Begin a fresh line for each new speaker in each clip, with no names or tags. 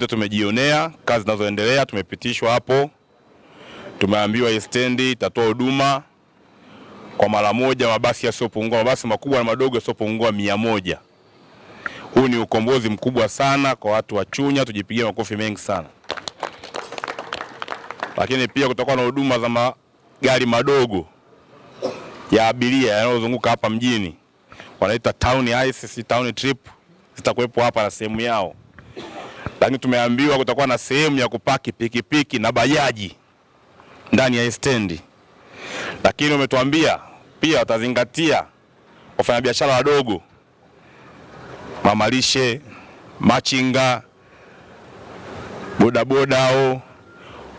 Yote tumejionea, kazi zinazoendelea tumepitishwa hapo, tumeambiwa hii stendi itatoa huduma kwa mara moja mabasi yasiyopungua mabasi makubwa na madogo yasiyopungua mia moja. Huu ni ukombozi mkubwa sana kwa watu wa Chunya, tujipigie makofi mengi sana. Lakini pia kutakuwa na huduma za magari madogo ya abiria yanayozunguka hapa mjini, wanaita town ice, si town trip, zitakuwepo hapa na sehemu yao lakini tumeambiwa kutakuwa na sehemu ya kupaki pikipiki na bajaji ndani ya stendi, lakini umetuambia pia watazingatia wafanyabiashara wadogo, mamalishe, machinga, bodaboda au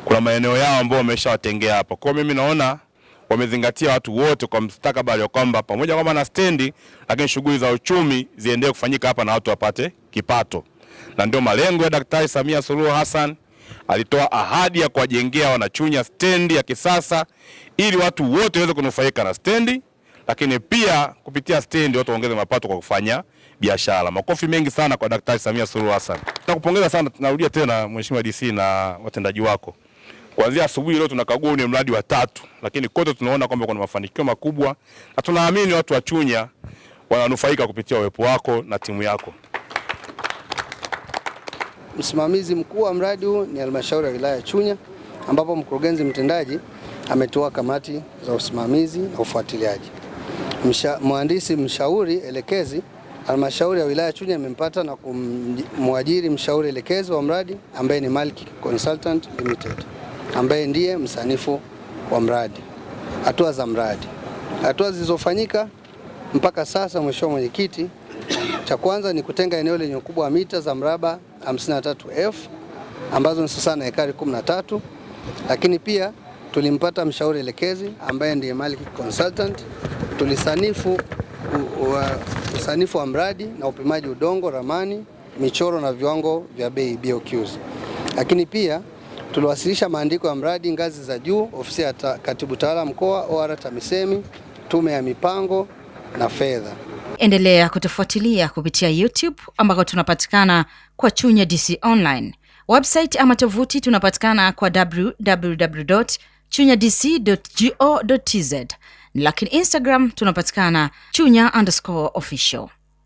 kuna maeneo yao ambao wameshawatengea hapo. Kwa mimi naona wamezingatia watu wote kwa mstakabali wa kwamba pamoja kwamba na stendi, lakini shughuli za uchumi ziendelee kufanyika hapa na watu wapate kipato na ndio malengo ya Daktari Samia Suluhu Hassan. Alitoa ahadi ya kuwajengea Wanachunya stendi ya kisasa ili watu wote waweze kunufaika na stendi, lakini pia kupitia stendi watu waongeze mapato kwa kufanya biashara. Makofi mengi sana kwa Daktari Samia Suluhu Hassan. Nakupongeza sana, narudia tena Mheshimiwa DC na watendaji wako. Kuanzia asubuhi leo tunakagua ni mradi wa tatu, lakini kote tunaona kwamba kuna mafanikio makubwa na tunaamini watu wa Chunya wananufaika kupitia uwepo wako na timu yako.
Msimamizi mkuu wa mradi huu ni halmashauri ya wilaya ya Chunya, ambapo mkurugenzi mtendaji ametoa kamati za usimamizi na ufuatiliaji. Msha, mhandisi mshauri elekezi halmashauri ya wilaya Chunya imempata na kumwajiri mshauri elekezi wa mradi ambaye ni Malki Consultant Limited ambaye ndiye msanifu wa mradi. Hatua za mradi, hatua zilizofanyika mpaka sasa, mheshimiwa mwenyekiti, cha kwanza ni kutenga eneo lenye ukubwa wa mita za mraba 53,000 ambazo ni sasa na ekari 13, lakini pia tulimpata mshauri elekezi ambaye ndiye Malik Consultant. Tulisanifu usanifu wa mradi na upimaji udongo, ramani, michoro na viwango vya bei BOQs, lakini pia tuliwasilisha maandiko ya mradi ngazi za juu, ofisi ya katibu tawala mkoa, OR TAMISEMI, tume ya mipango na fedha. Endelea kutufuatilia kupitia YouTube ambako tunapatikana kwa Chunya DC Online, website ama tovuti tunapatikana kwa www chunya dc go tz, lakini Instagram tunapatikana chunya underscore official.